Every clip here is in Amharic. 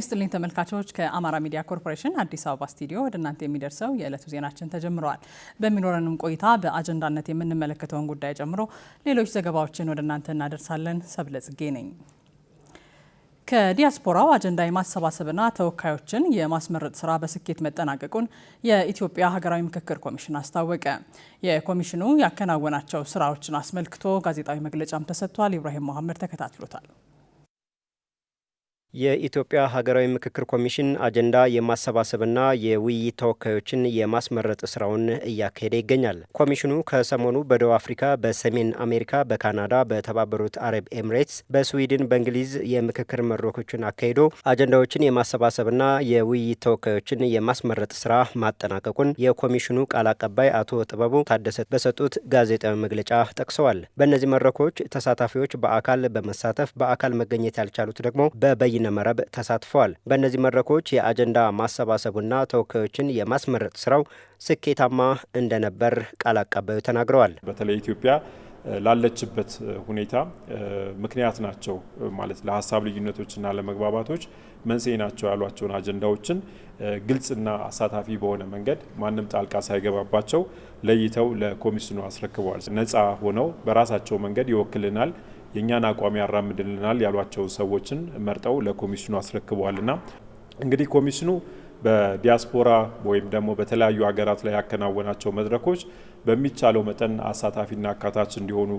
ይስጥልኝ ተመልካቾች፣ ከአማራ ሚዲያ ኮርፖሬሽን አዲስ አበባ ስቱዲዮ ወደ እናንተ የሚደርሰው የዕለቱ ዜናችን ተጀምረዋል። በሚኖረንም ቆይታ በአጀንዳነት የምንመለከተውን ጉዳይ ጨምሮ ሌሎች ዘገባዎችን ወደ እናንተ እናደርሳለን። ሰብለጽጌ ነኝ። ከዲያስፖራው አጀንዳ የማሰባሰብና ተወካዮችን የማስመረጥ ስራ በስኬት መጠናቀቁን የኢትዮጵያ ሀገራዊ ምክክር ኮሚሽን አስታወቀ። የኮሚሽኑ ያከናወናቸው ስራዎችን አስመልክቶ ጋዜጣዊ መግለጫም ተሰጥቷል። ኢብራሂም መሐመድ ተከታትሎታል። የኢትዮጵያ ሀገራዊ ምክክር ኮሚሽን አጀንዳ የማሰባሰብና የውይይት ተወካዮችን የማስመረጥ ስራውን እያካሄደ ይገኛል። ኮሚሽኑ ከሰሞኑ በደቡብ አፍሪካ፣ በሰሜን አሜሪካ፣ በካናዳ፣ በተባበሩት አረብ ኤምሬትስ፣ በስዊድን፣ በእንግሊዝ የምክክር መድረኮችን አካሂዶ አጀንዳዎችን የማሰባሰብና የውይይት ተወካዮችን የማስመረጥ ስራ ማጠናቀቁን የኮሚሽኑ ቃል አቀባይ አቶ ጥበቡ ታደሰ በሰጡት ጋዜጣዊ መግለጫ ጠቅሰዋል። በእነዚህ መድረኮች ተሳታፊዎች በአካል በመሳተፍ በአካል መገኘት ያልቻሉት ደግሞ በበይ በይነ መረብ ተሳትፈዋል። በእነዚህ መድረኮች የአጀንዳ ማሰባሰቡና ተወካዮችን የማስመረጥ ስራው ስኬታማ እንደነበር ቃል አቀባዩ ተናግረዋል። በተለይ ኢትዮጵያ ላለችበት ሁኔታ ምክንያት ናቸው ማለት ለሀሳብ ልዩነቶችና ለመግባባቶች መንስኤ ናቸው ያሏቸውን አጀንዳዎችን ግልጽና አሳታፊ በሆነ መንገድ ማንም ጣልቃ ሳይገባባቸው ለይተው ለኮሚሽኑ አስረክበዋል። ነፃ ሆነው በራሳቸው መንገድ ይወክልናል የእኛን አቋም ያራምድልናል ያሏቸው ሰዎችን መርጠው ለኮሚሽኑ አስረክበዋልና እንግዲህ ኮሚሽኑ በዲያስፖራ ወይም ደግሞ በተለያዩ ሀገራት ላይ ያከናወናቸው መድረኮች በሚቻለው መጠን አሳታፊና አካታች እንዲሆኑ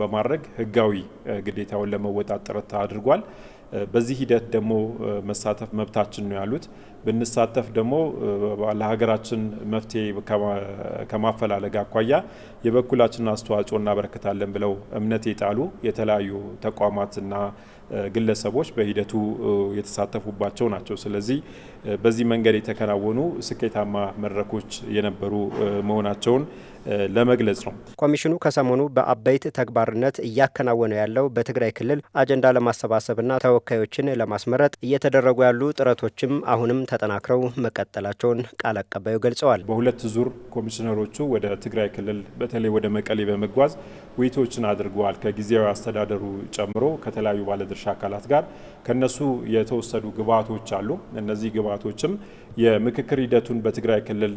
በማድረግ ህጋዊ ግዴታውን ለመወጣት ጥረት አድርጓል። በዚህ ሂደት ደግሞ መሳተፍ መብታችን ነው ያሉት። ብንሳተፍ ደግሞ ለሀገራችን መፍትሄ ከማፈላለግ አኳያ የበኩላችንን አስተዋጽኦ እናበረክታለን ብለው እምነት የጣሉ የተለያዩ ተቋማትና ግለሰቦች በሂደቱ የተሳተፉባቸው ናቸው። ስለዚህ በዚህ መንገድ የተከናወኑ ስኬታማ መድረኮች የነበሩ መሆናቸውን ለመግለጽ ነው። ኮሚሽኑ ከሰሞኑ በአበይት ተግባርነት እያከናወነ ያለው በትግራይ ክልል አጀንዳ ለማሰባሰብና ተወካዮችን ለማስመረጥ እየተደረጉ ያሉ ጥረቶችም አሁንም ተጠናክረው መቀጠላቸውን ቃል አቀባዩ ገልጸዋል። በሁለት ዙር ኮሚሽነሮቹ ወደ ትግራይ ክልል በተለይ ወደ መቀሌ በመጓዝ ውይይቶችን አድርገዋል። ከጊዜያዊ አስተዳደሩ ጨምሮ ከተለያዩ ባለድርሻ አካላት ጋር ከነሱ የተወሰዱ ግብዓቶች አሉ። እነዚህ ግብዓቶችም የምክክር ሂደቱን በትግራይ ክልል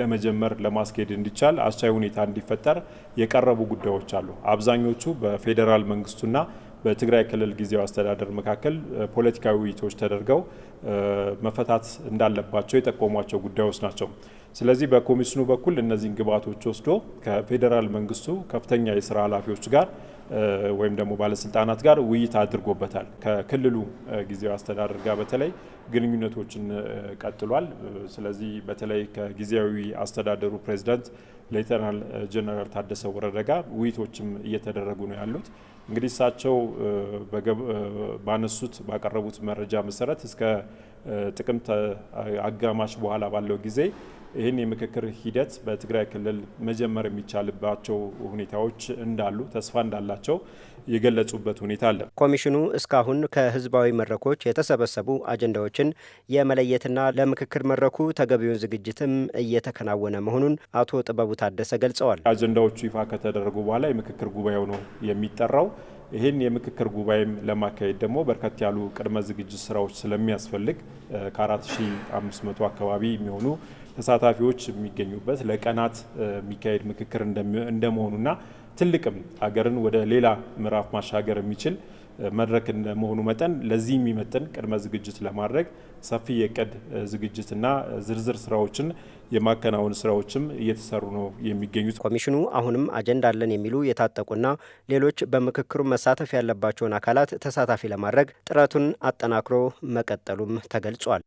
ለመጀመር ለማስኬድ እንዲቻል አስቻይ ሁኔታ እንዲፈጠር የቀረቡ ጉዳዮች አሉ። አብዛኞቹ በፌዴራል መንግስቱና በትግራይ ክልል ጊዜያዊ አስተዳደር መካከል ፖለቲካዊ ውይይቶች ተደርገው መፈታት እንዳለባቸው የጠቆሟቸው ጉዳዮች ናቸው። ስለዚህ በኮሚሽኑ በኩል እነዚህን ግብዓቶች ወስዶ ከፌዴራል መንግስቱ ከፍተኛ የስራ ኃላፊዎች ጋር ወይም ደግሞ ባለስልጣናት ጋር ውይይት አድርጎበታል። ከክልሉ ጊዜያዊ አስተዳደር ጋር በተለይ ግንኙነቶችን ቀጥሏል። ስለዚህ በተለይ ከጊዜያዊ አስተዳደሩ ፕሬዚዳንት ሌተናል ጀነራል ታደሰ ወረደ ጋር ውይይቶችም እየተደረጉ ነው ያሉት። እንግዲህ እሳቸው ባነሱት ባቀረቡት መረጃ መሰረት እስከ ጥቅምት አጋማሽ በኋላ ባለው ጊዜ ይህን የምክክር ሂደት በትግራይ ክልል መጀመር የሚቻልባቸው ሁኔታዎች እንዳሉ ተስፋ እንዳላቸው የገለጹበት ሁኔታ አለ። ኮሚሽኑ እስካሁን ከህዝባዊ መድረኮች የተሰበሰቡ አጀንዳዎችን የመለየትና ለምክክር መድረኩ ተገቢውን ዝግጅትም እየተከናወነ መሆኑን አቶ ጥበቡ ታደሰ ገልጸዋል። አጀንዳዎቹ ይፋ ከተደረጉ በኋላ የምክክር ጉባኤው ነው የሚጠራው። ይህን የምክክር ጉባኤም ለማካሄድ ደግሞ በርከት ያሉ ቅድመ ዝግጅት ስራዎች ስለሚያስፈልግ ከ4500 አካባቢ የሚሆኑ ተሳታፊዎች የሚገኙበት ለቀናት የሚካሄድ ምክክር እንደመሆኑና ትልቅም ሀገርን ወደ ሌላ ምዕራፍ ማሻገር የሚችል መድረክ እንደመሆኑ መጠን ለዚህ የሚመጥን ቅድመ ዝግጅት ለማድረግ ሰፊ የቅድ ዝግጅትና ዝርዝር ስራዎችን የማከናወን ስራዎችም እየተሰሩ ነው የሚገኙት። ኮሚሽኑ አሁንም አጀንዳ አለን የሚሉ የታጠቁና ሌሎች በምክክሩ መሳተፍ ያለባቸውን አካላት ተሳታፊ ለማድረግ ጥረቱን አጠናክሮ መቀጠሉም ተገልጿል።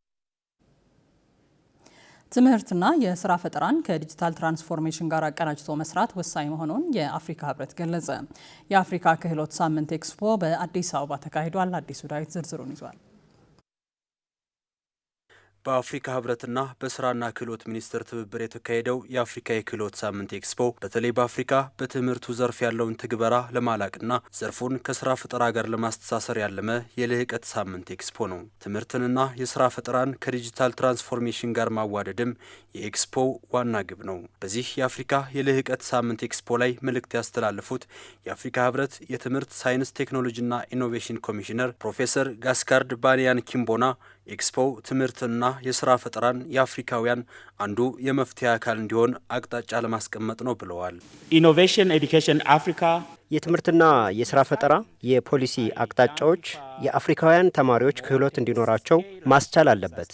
ትምህርትና የስራ ፈጠራን ከዲጂታል ትራንስፎርሜሽን ጋር አቀናጅቶ መስራት ወሳኝ መሆኑን የአፍሪካ ህብረት ገለጸ። የአፍሪካ ክህሎት ሳምንት ኤክስፖ በአዲስ አበባ ተካሂዷል። አዲሱ ዳዊት ዝርዝሩን ይዟል። በአፍሪካ ህብረትና በስራና ክህሎት ሚኒስቴር ትብብር የተካሄደው የአፍሪካ የክህሎት ሳምንት ኤክስፖ በተለይ በአፍሪካ በትምህርቱ ዘርፍ ያለውን ትግበራ ለማላቅና ዘርፉን ከስራ ፈጠራ ጋር ለማስተሳሰር ያለመ የልህቀት ሳምንት ኤክስፖ ነው። ትምህርትንና የስራ ፈጠራን ከዲጂታል ትራንስፎርሜሽን ጋር ማዋደድም የኤክስፖ ዋና ግብ ነው። በዚህ የአፍሪካ የልህቀት ሳምንት ኤክስፖ ላይ መልእክት ያስተላለፉት የአፍሪካ ህብረት የትምህርት ሳይንስ ቴክኖሎጂና ኢኖቬሽን ኮሚሽነር ፕሮፌሰር ጋስካርድ ባንያን ኪምቦና ኤክስፖ ትምህርትና የስራ ፈጠራን የአፍሪካውያን አንዱ የመፍትሄ አካል እንዲሆን አቅጣጫ ለማስቀመጥ ነው ብለዋል። ኢኖቬሽን ኤዱኬሽን አፍሪካ የትምህርትና የስራ ፈጠራ የፖሊሲ አቅጣጫዎች የአፍሪካውያን ተማሪዎች ክህሎት እንዲኖራቸው ማስቻል አለበት።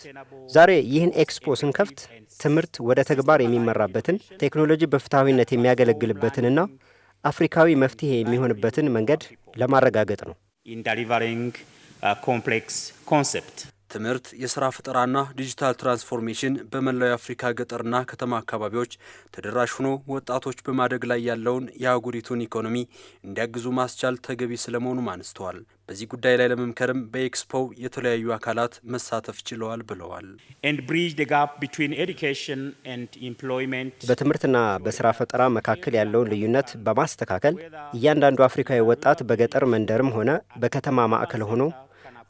ዛሬ ይህን ኤክስፖ ስንከፍት ትምህርት ወደ ተግባር የሚመራበትን ቴክኖሎጂ በፍትሐዊነት የሚያገለግልበትንና አፍሪካዊ መፍትሄ የሚሆንበትን መንገድ ለማረጋገጥ ነው። ኢን ኮምፕሌክስ ኮንሴፕት ትምህርት፣ የስራ ፈጠራና ዲጂታል ትራንስፎርሜሽን በመላው የአፍሪካ ገጠርና ከተማ አካባቢዎች ተደራሽ ሆኖ ወጣቶች በማደግ ላይ ያለውን የአህጉሪቱን ኢኮኖሚ እንዲያግዙ ማስቻል ተገቢ ስለመሆኑም አንስተዋል። በዚህ ጉዳይ ላይ ለመምከርም በኤክስፖው የተለያዩ አካላት መሳተፍ ችለዋል ብለዋል። በትምህርትና በስራ ፈጠራ መካከል ያለውን ልዩነት በማስተካከል እያንዳንዱ አፍሪካዊ ወጣት በገጠር መንደርም ሆነ በከተማ ማዕከል ሆኖ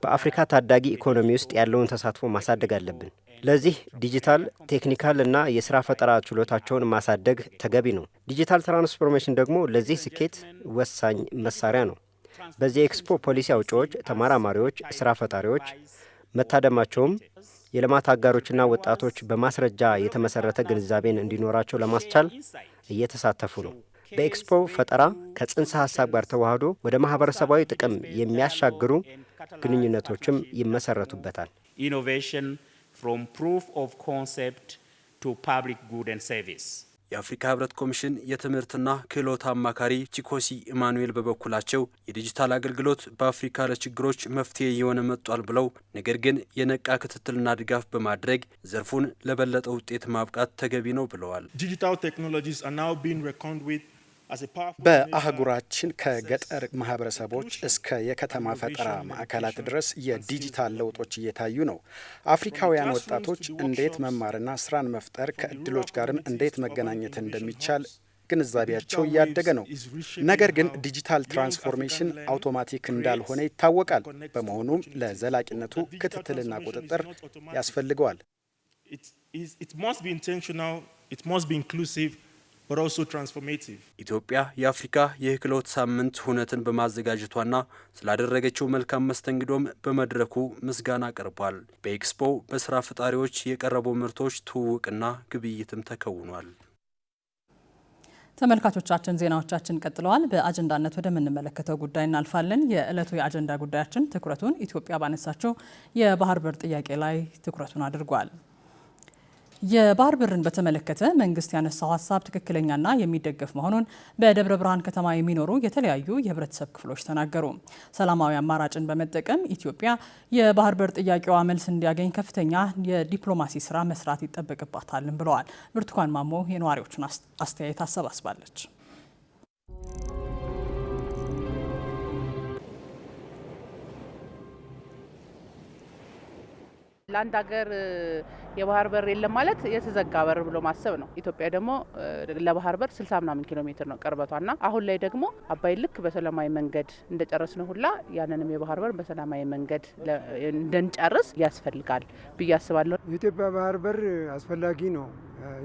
በአፍሪካ ታዳጊ ኢኮኖሚ ውስጥ ያለውን ተሳትፎ ማሳደግ አለብን። ለዚህ ዲጂታል ቴክኒካል እና የስራ ፈጠራ ችሎታቸውን ማሳደግ ተገቢ ነው። ዲጂታል ትራንስፎርሜሽን ደግሞ ለዚህ ስኬት ወሳኝ መሳሪያ ነው። በዚህ ኤክስፖ ፖሊሲ አውጪዎች፣ ተመራማሪዎች፣ ስራ ፈጣሪዎች መታደማቸውም የልማት አጋሮችና ወጣቶች በማስረጃ የተመሰረተ ግንዛቤን እንዲኖራቸው ለማስቻል እየተሳተፉ ነው። በኤክስፖ ፈጠራ ከጽንሰ ሀሳብ ጋር ተዋህዶ ወደ ማህበረሰባዊ ጥቅም የሚያሻግሩ ግንኙነቶችም ይመሰረቱበታል። ኢኖቬሽን ፍሮም ፕሩፍ ኦፍ ኮንሴፕት ቱ ፐብሊክ ጉድ ኤንድ ሰርቪስ። የአፍሪካ ህብረት ኮሚሽን የትምህርትና ክህሎት አማካሪ ቺኮሲ ኢማኑኤል በበኩላቸው የዲጂታል አገልግሎት በአፍሪካ ለችግሮች መፍትሄ እየሆነ መጥቷል ብለው፣ ነገር ግን የነቃ ክትትልና ድጋፍ በማድረግ ዘርፉን ለበለጠ ውጤት ማብቃት ተገቢ ነው ብለዋል። ዲጂታል ቴክኖሎጂስ አር ናው ቢንግ ሬኮንድ ዊዝ በአህጉራችን ከገጠር ማህበረሰቦች እስከ የከተማ ፈጠራ ማዕከላት ድረስ የዲጂታል ለውጦች እየታዩ ነው። አፍሪካውያን ወጣቶች እንዴት መማርና ስራን መፍጠር ከእድሎች ጋርም እንዴት መገናኘት እንደሚቻል ግንዛቤያቸው እያደገ ነው። ነገር ግን ዲጂታል ትራንስፎርሜሽን አውቶማቲክ እንዳልሆነ ይታወቃል። በመሆኑም ለዘላቂነቱ ክትትልና ቁጥጥር ያስፈልገዋል። ኢትዮጵያ የአፍሪካ የክህሎት ሳምንት ሁነትን በማዘጋጀቷና ስላደረገችው መልካም መስተንግዶም በመድረኩ ምስጋና ቀርቧል። በኤክስፖ በስራ ፈጣሪዎች የቀረቡ ምርቶች ትውውቅና ግብይትም ተከውኗል። ተመልካቾቻችን ዜናዎቻችን ቀጥለዋል። በአጀንዳነት ወደምንመለከተው ጉዳይ እናልፋለን። የዕለቱ የአጀንዳ ጉዳያችን ትኩረቱን ኢትዮጵያ ባነሳቸው የባህር በር ጥያቄ ላይ ትኩረቱን አድርጓል። የባህር በርን በተመለከተ መንግስት ያነሳው ሀሳብ ትክክለኛና የሚደገፍ መሆኑን በደብረ ብርሃን ከተማ የሚኖሩ የተለያዩ የህብረተሰብ ክፍሎች ተናገሩ። ሰላማዊ አማራጭን በመጠቀም ኢትዮጵያ የባህር በር ጥያቄዋ መልስ እንዲያገኝ ከፍተኛ የዲፕሎማሲ ስራ መስራት ይጠበቅባታልን ብለዋል። ብርቱካን ማሞ የነዋሪዎቹን አስተያየት አሰባስባለች። ለአንድ ሀገር የባህር በር የለም ማለት የተዘጋ በር ብሎ ማሰብ ነው። ኢትዮጵያ ደግሞ ለባህር በር ስልሳ ምናምን ኪሎ ሜትር ነው ና አሁን ላይ ደግሞ አባይ ልክ በሰላማዊ መንገድ እንደጨረስ ነው ሁላ ያንንም የባህር በር በሰላማዊ መንገድ እንድንጨርስ ያስፈልጋል ብዬ አስባለሁ። የኢትዮጵያ ባህር በር አስፈላጊ ነው፣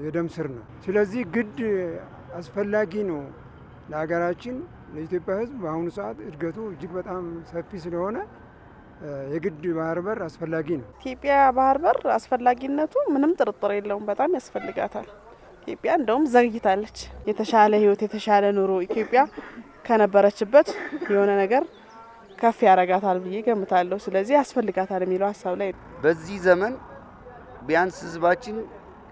የደም ስር ነው። ስለዚህ ግድ አስፈላጊ ነው ለሀገራችን ለኢትዮጵያ ሕዝብ በአሁኑ ሰዓት እድገቱ እጅግ በጣም ሰፊ ስለሆነ የግድ ባህር በር አስፈላጊ ነው። ኢትዮጵያ ባህር በር አስፈላጊነቱ ምንም ጥርጥር የለውም። በጣም ያስፈልጋታል። ኢትዮጵያ እንደውም ዘግይታለች። የተሻለ ህይወት የተሻለ ኑሮ ኢትዮጵያ ከነበረችበት የሆነ ነገር ከፍ ያደርጋታል ብዬ ገምታለሁ። ስለዚህ ያስፈልጋታል የሚለው ሀሳብ ላይ በዚህ ዘመን ቢያንስ ህዝባችን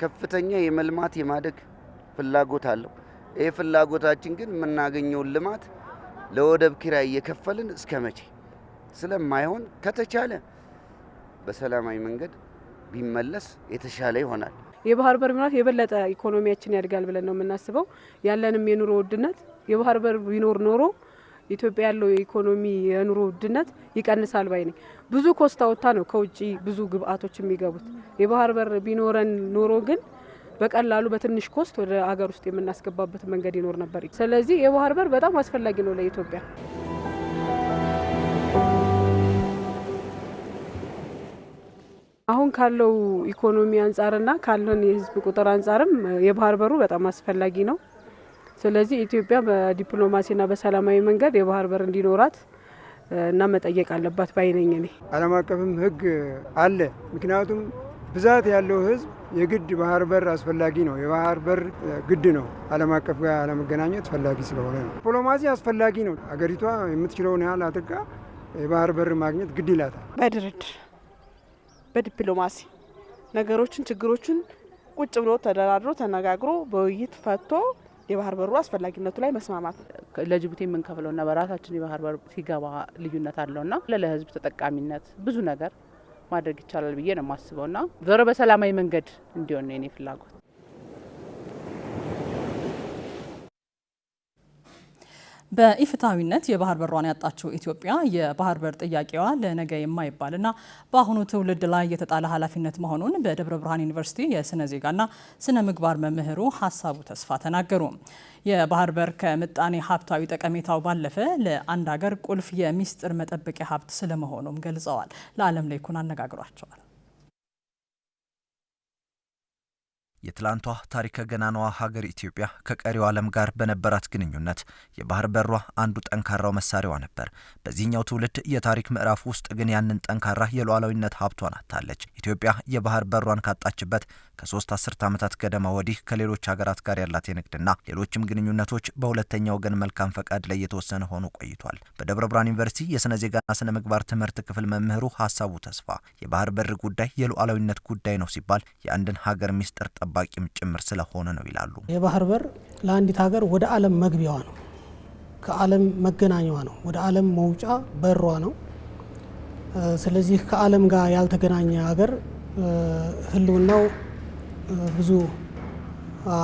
ከፍተኛ የመልማት የማደግ ፍላጎት አለው። ይህ ፍላጎታችን ግን የምናገኘውን ልማት ለወደብ ኪራይ እየከፈልን እስከ መቼ ስለማይሆን ከተቻለ በሰላማዊ መንገድ ቢመለስ የተሻለ ይሆናል። የባህር በር ልማት የበለጠ ኢኮኖሚያችን ያድጋል ብለን ነው የምናስበው። ያለንም የኑሮ ውድነት የባህር በር ቢኖር ኖሮ ኢትዮጵያ ያለው የኢኮኖሚ የኑሮ ውድነት ይቀንሳል ባይ ነኝ። ብዙ ኮስታ ወጥታ ነው ከውጭ ብዙ ግብአቶች የሚገቡት። የባህር በር ቢኖረን ኖሮ ግን በቀላሉ በትንሽ ኮስት ወደ አገር ውስጥ የምናስገባበት መንገድ ይኖር ነበር። ስለዚህ የባህር በር በጣም አስፈላጊ ነው ለኢትዮጵያ። አሁን ካለው ኢኮኖሚ አንጻርና ካለን የህዝብ ቁጥር አንጻርም የባህር በሩ በጣም አስፈላጊ ነው። ስለዚህ ኢትዮጵያ በዲፕሎማሲና በሰላማዊ መንገድ የባህር በር እንዲኖራት እና መጠየቅ አለባት ባይነኝ እኔ ዓለም አቀፍም ህግ አለ። ምክንያቱም ብዛት ያለው ህዝብ የግድ ባህር በር አስፈላጊ ነው። የባህር በር ግድ ነው። ዓለም አቀፍ ጋር ለመገናኘት አስፈላጊ ስለሆነ ነው። ዲፕሎማሲ አስፈላጊ ነው። አገሪቷ የምትችለውን ያህል አድርጋ የባህር በር ማግኘት ግድ ይላታል በድርድር በዲፕሎማሲ ነገሮችን ችግሮችን ቁጭ ብሎ ተደራድሮ ተነጋግሮ በውይይት ፈቶ የባህር በሩ አስፈላጊነቱ ላይ መስማማት ለጅቡቲ የምንከፍለውና በራሳችን የባህር በሩ ሲገባ ልዩነት አለውና ለህዝብ ተጠቃሚነት ብዙ ነገር ማድረግ ይቻላል ብዬ ነው የማስበውና ዞሮ በሰላማዊ መንገድ እንዲሆን ነው የኔ ፍላጎት። በኢፍትሐዊነት የባህር በሯን ያጣችው ኢትዮጵያ የባህር በር ጥያቄዋ ለነገ የማይባልና በአሁኑ ትውልድ ላይ የተጣለ ኃላፊነት መሆኑን በደብረ ብርሃን ዩኒቨርሲቲ የስነ ዜጋና ስነ ምግባር መምህሩ ሀሳቡ ተስፋ ተናገሩ። የባህር በር ከምጣኔ ሀብታዊ ጠቀሜታው ባለፈ ለአንድ ሀገር ቁልፍ የሚስጥር መጠበቂያ ሀብት ስለመሆኑም ገልጸዋል። ለዓለም ላይ ኩን አነጋግሯቸዋል። የትላንቷ ታሪከ ገናናዋ ሀገር ኢትዮጵያ ከቀሪው ዓለም ጋር በነበራት ግንኙነት የባህር በሯ አንዱ ጠንካራው መሳሪያዋ ነበር። በዚህኛው ትውልድ የታሪክ ምዕራፍ ውስጥ ግን ያንን ጠንካራ የሉዓላዊነት ሀብቷን አጥታለች። ኢትዮጵያ የባህር በሯን ካጣችበት ከሶስት አስርት ዓመታት ገደማ ወዲህ ከሌሎች ሀገራት ጋር ያላት የንግድና ሌሎችም ግንኙነቶች በሁለተኛ ወገን መልካም ፈቃድ ላይ የተወሰነ ሆኖ ቆይቷል። በደብረ ብርሃን ዩኒቨርሲቲ የሥነ ዜጋና ሥነ ምግባር ትምህርት ክፍል መምህሩ ሀሳቡ ተስፋ የባህር በር ጉዳይ የሉዓላዊነት ጉዳይ ነው ሲባል የአንድን ሀገር ሚስጥር ጠባ ጠባቂም ጭምር ስለሆነ ነው ይላሉ። የባህር በር ለአንዲት ሀገር ወደ ዓለም መግቢያዋ ነው፣ ከዓለም መገናኛዋ ነው፣ ወደ ዓለም መውጫ በሯ ነው። ስለዚህ ከዓለም ጋር ያልተገናኘ ሀገር ህልውናው ብዙ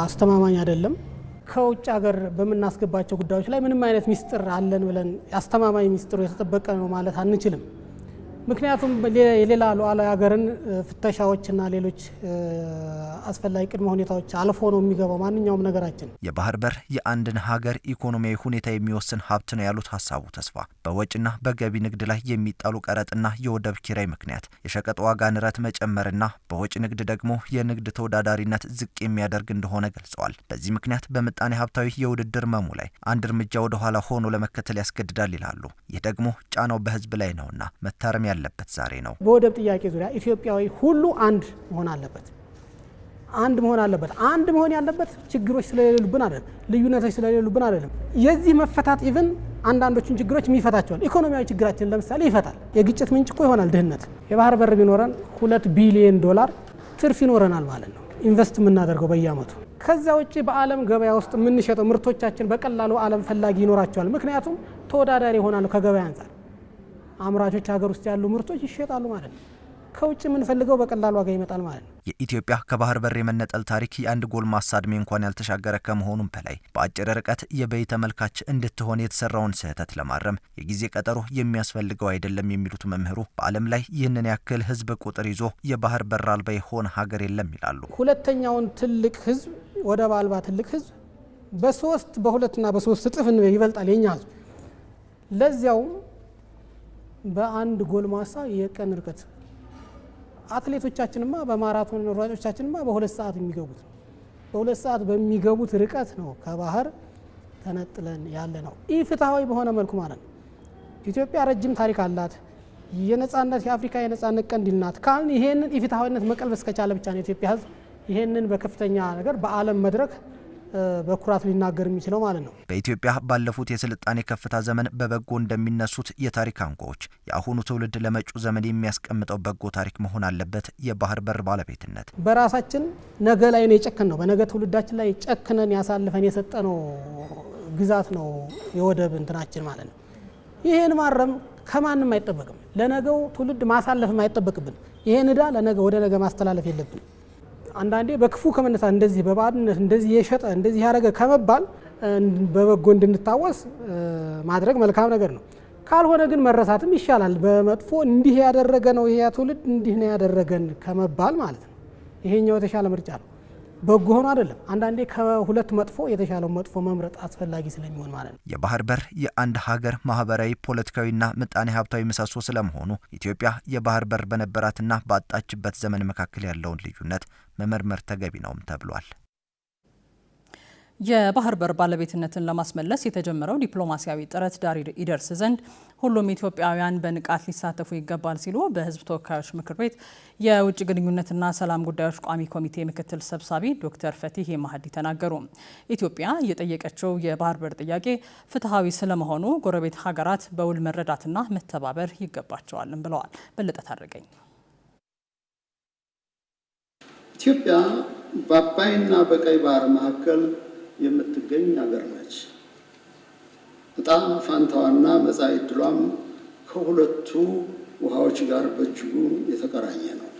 አስተማማኝ አይደለም። ከውጭ ሀገር በምናስገባቸው ጉዳዮች ላይ ምንም አይነት ሚስጥር አለን ብለን አስተማማኝ ሚስጥሩ የተጠበቀ ነው ማለት አንችልም። ምክንያቱም የሌላ ሉዓላዊ ሀገርን ፍተሻዎችና ሌሎች አስፈላጊ ቅድመ ሁኔታዎች አልፎ ነው የሚገባው ማንኛውም ነገራችን። የባህር በር የአንድን ሀገር ኢኮኖሚያዊ ሁኔታ የሚወስን ሀብት ነው ያሉት ሀሳቡ ተስፋ በወጪና በገቢ ንግድ ላይ የሚጣሉ ቀረጥና የወደብ ኪራይ ምክንያት የሸቀጥ ዋጋ ንረት መጨመርና በወጪ ንግድ ደግሞ የንግድ ተወዳዳሪነት ዝቅ የሚያደርግ እንደሆነ ገልጸዋል። በዚህ ምክንያት በምጣኔ ሀብታዊ የውድድር መሙ ላይ አንድ እርምጃ ወደኋላ ሆኖ ለመከተል ያስገድዳል ይላሉ። ይህ ደግሞ ጫናው በህዝብ ላይ ነውና መታረሚያ ያለበት ዛሬ ነው። በወደብ ጥያቄ ዙሪያ ኢትዮጵያዊ ሁሉ አንድ መሆን አለበት። አንድ መሆን አለበት። አንድ መሆን ያለበት ችግሮች ስለሌሉብን አይደለም፣ ልዩነቶች ስለሌሉብን አይደለም። የዚህ መፈታት ኢቭን አንዳንዶቹን ችግሮች የሚፈታቸዋል። ኢኮኖሚያዊ ችግራችን ለምሳሌ ይፈታል። የግጭት ምንጭ እኮ ይሆናል ድህነት። የባህር በር ቢኖረን ሁለት ቢሊዮን ዶላር ትርፍ ይኖረናል ማለት ነው ኢንቨስት የምናደርገው በየአመቱ። ከዛ ውጭ በዓለም ገበያ ውስጥ የምንሸጠው ምርቶቻችን በቀላሉ ዓለም ፈላጊ ይኖራቸዋል። ምክንያቱም ተወዳዳሪ ይሆናሉ ከገበያ አንጻር አምራቾች ሀገር ውስጥ ያሉ ምርቶች ይሸጣሉ ማለት ነው። ከውጭ የምንፈልገው በቀላሉ ዋጋ ይመጣል ማለት ነው። የኢትዮጵያ ከባህር በር የመነጠል ታሪክ የአንድ ጎልማሳ ዕድሜ እንኳን ያልተሻገረ ከመሆኑም በላይ በአጭር ርቀት የበይ ተመልካች እንድትሆን የተሰራውን ስህተት ለማረም የጊዜ ቀጠሮ የሚያስፈልገው አይደለም የሚሉት መምህሩ በዓለም ላይ ይህንን ያክል ሕዝብ ቁጥር ይዞ የባህር በር አልባ የሆነ ሀገር የለም ይላሉ። ሁለተኛውን ትልቅ ሕዝብ ወደብ አልባ ትልቅ ሕዝብ በሶስት በሁለትና በሶስት እጥፍ ይበልጣል የኛ ሕዝብ ለዚያውም በአንድ ጎልማሳ የቀን ርቀት አትሌቶቻችንማ በማራቶን ሯጮቻችንማ በሁለት ሰዓት የሚገቡት በሁለት ሰዓት በሚገቡት ርቀት ነው ከባህር ተነጥለን ያለ ነው። ይህ ፍትሐዊ በሆነ መልኩ ማለት ነው። ኢትዮጵያ ረጅም ታሪክ አላት። የነጻነት የአፍሪካ የነጻነት ቀንዲል ናት ካልን ይሄንን ኢፍትሐዊነት መቀልበስ ከቻለ ብቻ ነው ኢትዮጵያ ሕዝብ ይሄንን በከፍተኛ ነገር በዓለም መድረክ በኩራት ሊናገር የሚችለው ማለት ነው። በኢትዮጵያ ባለፉት የስልጣኔ ከፍታ ዘመን በበጎ እንደሚነሱት የታሪክ አንጎዎች የአሁኑ ትውልድ ለመጪው ዘመን የሚያስቀምጠው በጎ ታሪክ መሆን አለበት። የባህር በር ባለቤትነት በራሳችን ነገ ላይ ነው የጨክን ነው በነገ ትውልዳችን ላይ ጨክነን ያሳልፈን የሰጠነው ግዛት ነው የወደብ እንትናችን ማለት ነው። ይህን ማረም ከማንም አይጠበቅም። ለነገው ትውልድ ማሳለፍም አይጠበቅብን። ይህን እዳ ለነገ ወደ ነገ ማስተላለፍ የለብን። አንዳንዴ በክፉ ከመነሳት እንደዚህ በባዕድነት እንደዚህ የሸጠ እንደዚህ ያደረገ ከመባል በበጎ እንድንታወስ ማድረግ መልካም ነገር ነው። ካልሆነ ግን መረሳትም ይሻላል። በመጥፎ እንዲህ ያደረገ ነው ይሄ ትውልድ እንዲህ ነው ያደረገን ከመባል ማለት ነው። ይሄኛው የተሻለ ምርጫ ነው። በጎ ሆኖ አይደለም። አንዳንዴ ከሁለት መጥፎ የተሻለው መጥፎ መምረጥ አስፈላጊ ስለሚሆን ማለት ነው። የባህር በር የአንድ ሀገር ማህበራዊ፣ ፖለቲካዊና ምጣኔ ሀብታዊ ምሰሶ ስለመሆኑ ኢትዮጵያ የባህር በር በነበራትና ባጣችበት ዘመን መካከል ያለውን ልዩነት መመርመር ተገቢ ነውም ተብሏል። የባህር በር ባለቤትነትን ለማስመለስ የተጀመረው ዲፕሎማሲያዊ ጥረት ዳር ይደርስ ዘንድ ሁሉም ኢትዮጵያውያን በንቃት ሊሳተፉ ይገባል ሲሉ በሕዝብ ተወካዮች ምክር ቤት የውጭ ግንኙነትና ሰላም ጉዳዮች ቋሚ ኮሚቴ ምክትል ሰብሳቢ ዶክተር ፈቲሄ ማህዲ ተናገሩ። ኢትዮጵያ የጠየቀችው የባህር በር ጥያቄ ፍትሐዊ ስለመሆኑ ጎረቤት ሀገራት በውል መረዳትና መተባበር ይገባቸዋልም ብለዋል። በለጠ ታደረገኝ ኢትዮጵያ በአባይና በቀይ ባህር መካከል የምትገኝ አገር ነች። ዕጣ ፋንታዋና መጻኢ ዕድሏም ከሁለቱ ውሃዎች ጋር በእጅጉ የተቀራኘ ነው።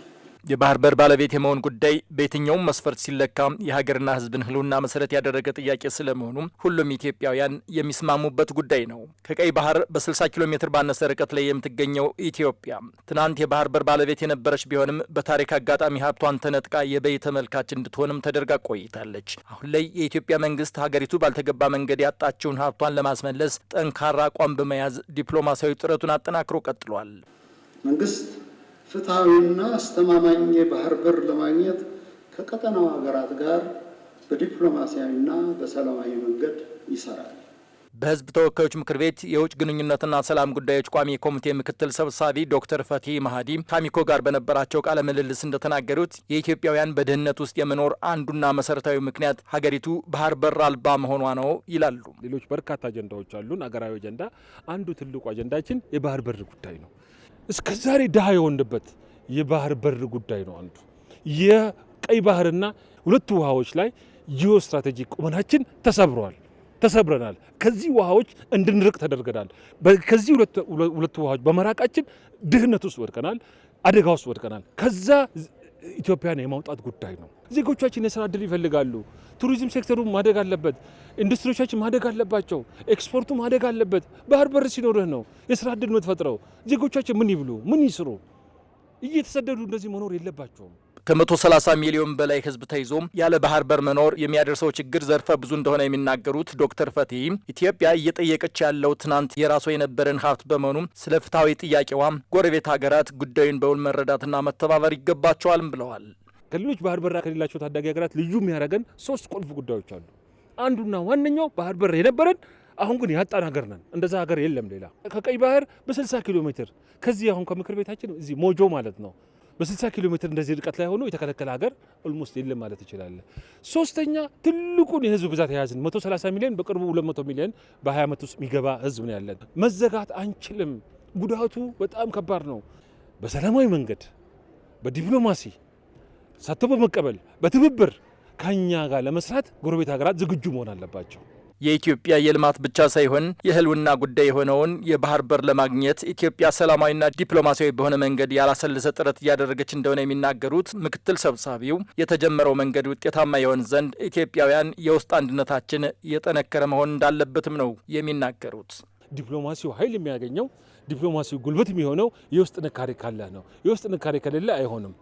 የባህር በር ባለቤት የመሆን ጉዳይ በየትኛውም መስፈርት ሲለካ የሀገርና ህዝብን ህልውና መሰረት ያደረገ ጥያቄ ስለመሆኑ ሁሉም ኢትዮጵያውያን የሚስማሙበት ጉዳይ ነው። ከቀይ ባህር በ60 ኪሎ ሜትር ባነሰ ርቀት ላይ የምትገኘው ኢትዮጵያ ትናንት የባህር በር ባለቤት የነበረች ቢሆንም በታሪክ አጋጣሚ ሀብቷን ተነጥቃ የበይ ተመልካች እንድትሆንም ተደርጋ ቆይታለች። አሁን ላይ የኢትዮጵያ መንግስት ሀገሪቱ ባልተገባ መንገድ ያጣችውን ሀብቷን ለማስመለስ ጠንካራ አቋም በመያዝ ዲፕሎማሲያዊ ጥረቱን አጠናክሮ ቀጥሏል። መንግስት ፍትሐዊና አስተማማኝ የባህር በር ለማግኘት ከቀጠናው ሀገራት ጋር በዲፕሎማሲያዊና በሰላማዊ መንገድ ይሰራል። በህዝብ ተወካዮች ምክር ቤት የውጭ ግንኙነትና ሰላም ጉዳዮች ቋሚ ኮሚቴ ምክትል ሰብሳቢ ዶክተር ፈቲ ማህዲ ከአሚኮ ጋር በነበራቸው ቃለ ምልልስ እንደተናገሩት የኢትዮጵያውያን በድህነት ውስጥ የመኖር አንዱና መሰረታዊ ምክንያት ሀገሪቱ ባህር በር አልባ መሆኗ ነው ይላሉ። ሌሎች በርካታ አጀንዳዎች አሉን። አገራዊ አጀንዳ አንዱ ትልቁ አጀንዳችን የባህር በር ጉዳይ ነው። እስከ ዛሬ ድሃ የሆንበት የባህር በር ጉዳይ ነው አንዱ። የቀይ ባህርና ሁለቱ ውሃዎች ላይ ጂኦ ስትራቴጂክ ቁመናችን ተሰብሯል፣ ተሰብረናል። ከዚህ ውሃዎች እንድንርቅ ተደርገናል። ከዚህ ሁለቱ ውሃዎች በመራቃችን ድህነት ውስጥ ወድቀናል፣ አደጋ ውስጥ ወድቀናል። ከዛ ኢትዮጵያን የማውጣት ጉዳይ ነው። ዜጎቻችን የስራ እድል ይፈልጋሉ። ቱሪዝም ሴክተሩ ማደግ አለበት። ኢንዱስትሪዎቻችን ማደግ አለባቸው። ኤክስፖርቱ ማደግ አለበት። ባህር በር ሲኖርህ ነው የስራ እድል የምትፈጥረው። ዜጎቻችን ምን ይብሉ፣ ምን ይስሩ? እየተሰደዱ እንደዚህ መኖር የለባቸውም። ከ130 ሚሊዮን በላይ ህዝብ ተይዞ ያለ ባህር በር መኖር የሚያደርሰው ችግር ዘርፈ ብዙ እንደሆነ የሚናገሩት ዶክተር ፈትሂ ኢትዮጵያ እየጠየቀች ያለው ትናንት የራሷ የነበረን ሀብት በመሆኑ ስለ ፍትሐዊ ጥያቄዋ ጎረቤት ሀገራት ጉዳዩን በውል መረዳትና መተባበር ይገባቸዋልም ብለዋል። ከሌሎች ባህር በር ከሌላቸው ታዳጊ ሀገራት ልዩ የሚያደርገን ሶስት ቁልፍ ጉዳዮች አሉ። አንዱና ዋነኛው ባህር በር የነበረን አሁን ግን ያጣን ሀገር ነን። እንደዛ ሀገር የለም ሌላ ከቀይ ባህር በ60 ኪሎ ሜትር ከዚህ አሁን ከምክር ቤታችን እዚህ ሞጆ ማለት ነው በ60 ኪሎ ሜትር እንደዚህ ርቀት ላይ ሆኖ የተከለከለ ሀገር ኦልሞስት የለም ማለት ይችላል። ሶስተኛ ትልቁን የህዝብ ብዛት የያዝን 130 ሚሊዮን፣ በቅርቡ 200 ሚሊዮን በ20 ዓመት ውስጥ የሚገባ ህዝብ ነው ያለን። መዘጋት አንችልም። ጉዳቱ በጣም ከባድ ነው። በሰላማዊ መንገድ በዲፕሎማሲ ሰጥቶ በመቀበል በትብብር ከኛ ጋር ለመስራት ጎረቤት ሀገራት ዝግጁ መሆን አለባቸው። የኢትዮጵያ የልማት ብቻ ሳይሆን የህልውና ጉዳይ የሆነውን የባህር በር ለማግኘት ኢትዮጵያ ሰላማዊና ዲፕሎማሲያዊ በሆነ መንገድ ያላሰለሰ ጥረት እያደረገች እንደሆነ የሚናገሩት ምክትል ሰብሳቢው የተጀመረው መንገድ ውጤታማ የሆን ዘንድ ኢትዮጵያውያን የውስጥ አንድነታችን የጠነከረ መሆን እንዳለበትም ነው የሚናገሩት። ዲፕሎማሲው ኃይል የሚያገኘው ዲፕሎማሲው ጉልበት የሚሆነው የውስጥ ጥንካሬ ካለ ነው። የውስጥ ጥንካሬ ከሌለ አይሆንም።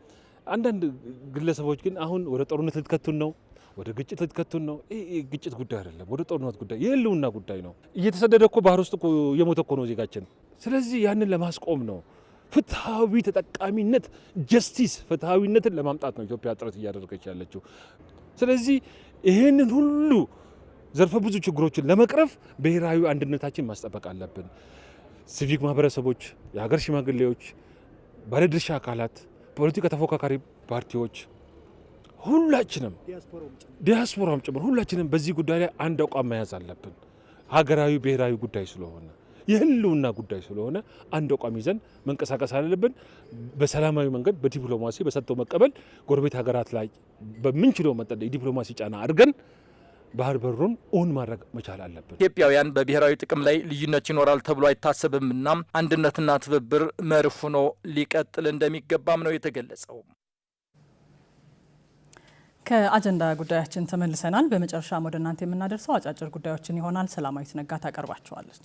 አንዳንድ ግለሰቦች ግን አሁን ወደ ጦርነት ልትከቱን ነው ወደ ግጭት ልትከቱን ነው። ግጭት ጉዳይ አይደለም፣ ወደ ጦርነት ጉዳይ የህልውና ጉዳይ ነው። እየተሰደደ እኮ ባህር ውስጥ የሞተ እኮ ነው ዜጋችን። ስለዚህ ያንን ለማስቆም ነው ፍትሐዊ ተጠቃሚነት ጀስቲስ፣ ፍትሐዊነትን ለማምጣት ነው ኢትዮጵያ ጥረት እያደረገች ያለችው። ስለዚህ ይህንን ሁሉ ዘርፈ ብዙ ችግሮችን ለመቅረፍ ብሔራዊ አንድነታችን ማስጠበቅ አለብን። ሲቪክ ማህበረሰቦች፣ የሀገር ሽማግሌዎች፣ ባለድርሻ አካላት፣ ፖለቲካ ተፎካካሪ ፓርቲዎች ሁላችንም ዲያስፖራም ጭምር ሁላችንም በዚህ ጉዳይ ላይ አንድ አቋም መያዝ አለብን። ሀገራዊ ብሔራዊ ጉዳይ ስለሆነ የህልውና ጉዳይ ስለሆነ አንድ አቋም ይዘን መንቀሳቀስ አለብን። በሰላማዊ መንገድ በዲፕሎማሲ በሰጥቶ መቀበል ጎረቤት ሀገራት ላይ በምንችለው መጠን የዲፕሎማሲ ጫና አድርገን ባህር በሩን እውን ማድረግ መቻል አለብን። ኢትዮጵያውያን በብሔራዊ ጥቅም ላይ ልዩነት ይኖራል ተብሎ አይታሰብምና አንድነትና ትብብር መርህ ሆኖ ሊቀጥል እንደሚገባም ነው የተገለጸው። ከአጀንዳ ጉዳያችን ተመልሰናል። በመጨረሻም ወደ እናንተ የምናደርሰው አጫጭር ጉዳዮችን ይሆናል። ሰላማዊት ነጋ ታቀርባቸዋለች።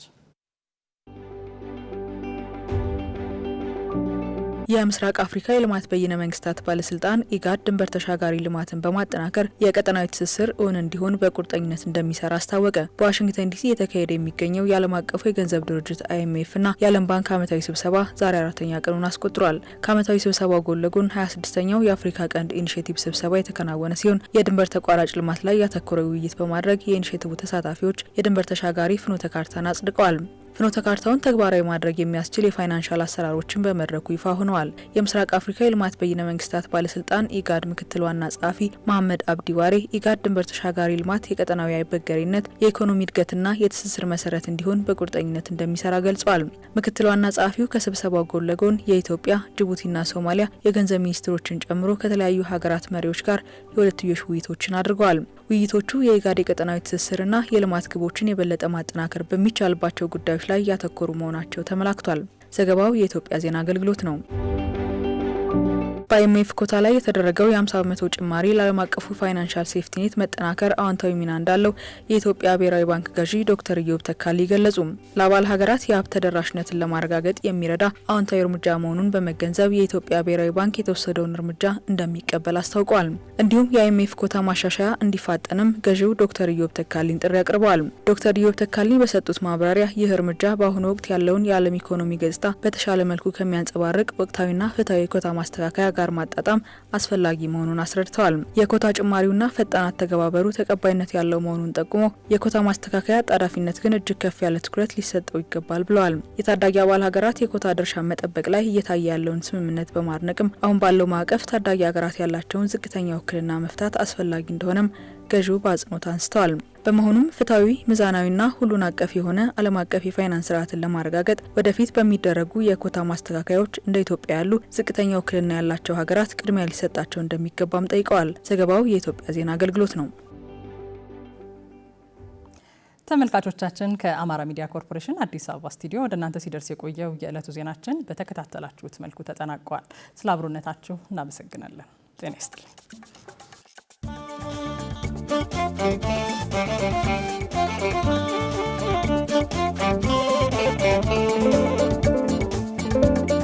የምስራቅ አፍሪካ የልማት በይነ መንግስታት ባለስልጣን ኢጋድ ድንበር ተሻጋሪ ልማትን በማጠናከር የቀጠናዊ ትስስር እውን እንዲሆን በቁርጠኝነት እንደሚሰራ አስታወቀ። በዋሽንግተን ዲሲ የተካሄደ የሚገኘው የዓለም አቀፉ የገንዘብ ድርጅት አይኤምኤፍ እና የዓለም ባንክ ዓመታዊ ስብሰባ ዛሬ አራተኛ ቀኑን አስቆጥሯል። ከዓመታዊ ስብሰባው ጎን ለጎን 26ኛው የአፍሪካ ቀንድ ኢኒሽቲቭ ስብሰባ የተከናወነ ሲሆን የድንበር ተቋራጭ ልማት ላይ ያተኮረ ውይይት በማድረግ የኢኒሽቲቭ ተሳታፊዎች የድንበር ተሻጋሪ ፍኖተ ካርታን አጽድቀዋል። ፍኖተ ካርታውን ተግባራዊ ማድረግ የሚያስችል የፋይናንሻል አሰራሮችን በመድረኩ ይፋ ሆነዋል። የምስራቅ አፍሪካ የልማት በይነ መንግስታት ባለስልጣን ኢጋድ ምክትል ዋና ጸሐፊ መሐመድ አብዲ ዋሬ ኢጋድ ድንበር ተሻጋሪ ልማት የቀጠናዊ አይበገሬነት፣ የኢኮኖሚ እድገትና የትስስር መሰረት እንዲሆን በቁርጠኝነት እንደሚሰራ ገልጿል። ምክትል ዋና ጸሐፊው ከስብሰባው ጎን ለጎን የኢትዮጵያ ጅቡቲና ሶማሊያ የገንዘብ ሚኒስትሮችን ጨምሮ ከተለያዩ ሀገራት መሪዎች ጋር የሁለትዮሽ ውይይቶችን አድርገዋል። ውይይቶቹ የኢጋድ የቀጠናዊ ትስስርና የልማት ግቦችን የበለጠ ማጠናከር በሚቻልባቸው ጉዳዮች ላይ ያተኮሩ መሆናቸው ተመላክቷል። ዘገባው የኢትዮጵያ ዜና አገልግሎት ነው። በአይኤምኤፍ ኮታ ላይ የተደረገው የ50 በመቶ ጭማሪ ለዓለም አቀፉ ፋይናንሻል ኔት መጠናከር አዎንታዊ ሚና እንዳለው የኢትዮጵያ ብሔራዊ ባንክ ገዢ ዶክተር ኢዮብ ተካል ገለጹ። ለአባል ሀገራት የሀብት ተደራሽነትን ለማረጋገጥ የሚረዳ አዎንታዊ እርምጃ መሆኑን በመገንዘብ የኢትዮጵያ ብሔራዊ ባንክ የተወሰደውን እርምጃ እንደሚቀበል አስታውቋል። እንዲሁም የአይኤምኤፍ ኮታ ማሻሻያ እንዲፋጠንም ገዢው ዶክተር ኢዮብ ተካሊን ጥሪ አቅርበዋል። ዶክተር ኢዮብ ተካሊ በሰጡት ማብራሪያ ይህ እርምጃ በአሁኑ ወቅት ያለውን የዓለም ኢኮኖሚ ገጽታ በተሻለ መልኩ ከሚያንጸባርቅ ወቅታዊና ፍትሐዊ ኮታ ማስተካከያ ጋር ጋር ማጣጣም አስፈላጊ መሆኑን አስረድተዋል። የኮታ ጭማሪውና ፈጣን አተገባበሩ ተቀባይነት ያለው መሆኑን ጠቁሞ የኮታ ማስተካከያ ጣዳፊነት ግን እጅግ ከፍ ያለ ትኩረት ሊሰጠው ይገባል ብለዋል። የታዳጊ አባል ሀገራት የኮታ ድርሻ መጠበቅ ላይ እየታየ ያለውን ስምምነት በማድነቅም አሁን ባለው ማዕቀፍ ታዳጊ ሀገራት ያላቸውን ዝቅተኛ ውክልና መፍታት አስፈላጊ እንደሆነም ገዢው በአጽንኦት አንስተዋል። በመሆኑም ፍትሐዊ ሚዛናዊና ሁሉን አቀፍ የሆነ ዓለም አቀፍ የፋይናንስ ስርዓትን ለማረጋገጥ ወደፊት በሚደረጉ የኮታ ማስተካከያዎች እንደ ኢትዮጵያ ያሉ ዝቅተኛ ውክልና ያላቸው ሀገራት ቅድሚያ ሊሰጣቸው እንደሚገባም ጠይቀዋል። ዘገባው የኢትዮጵያ ዜና አገልግሎት ነው። ተመልካቾቻችን ከአማራ ሚዲያ ኮርፖሬሽን አዲስ አበባ ስቱዲዮ ወደ እናንተ ሲደርስ የቆየው የዕለቱ ዜናችን በተከታተላችሁት መልኩ ተጠናቋል። ስለ አብሮነታችሁ እናመሰግናለን። ጤና ይስጥልኝ። Thank you.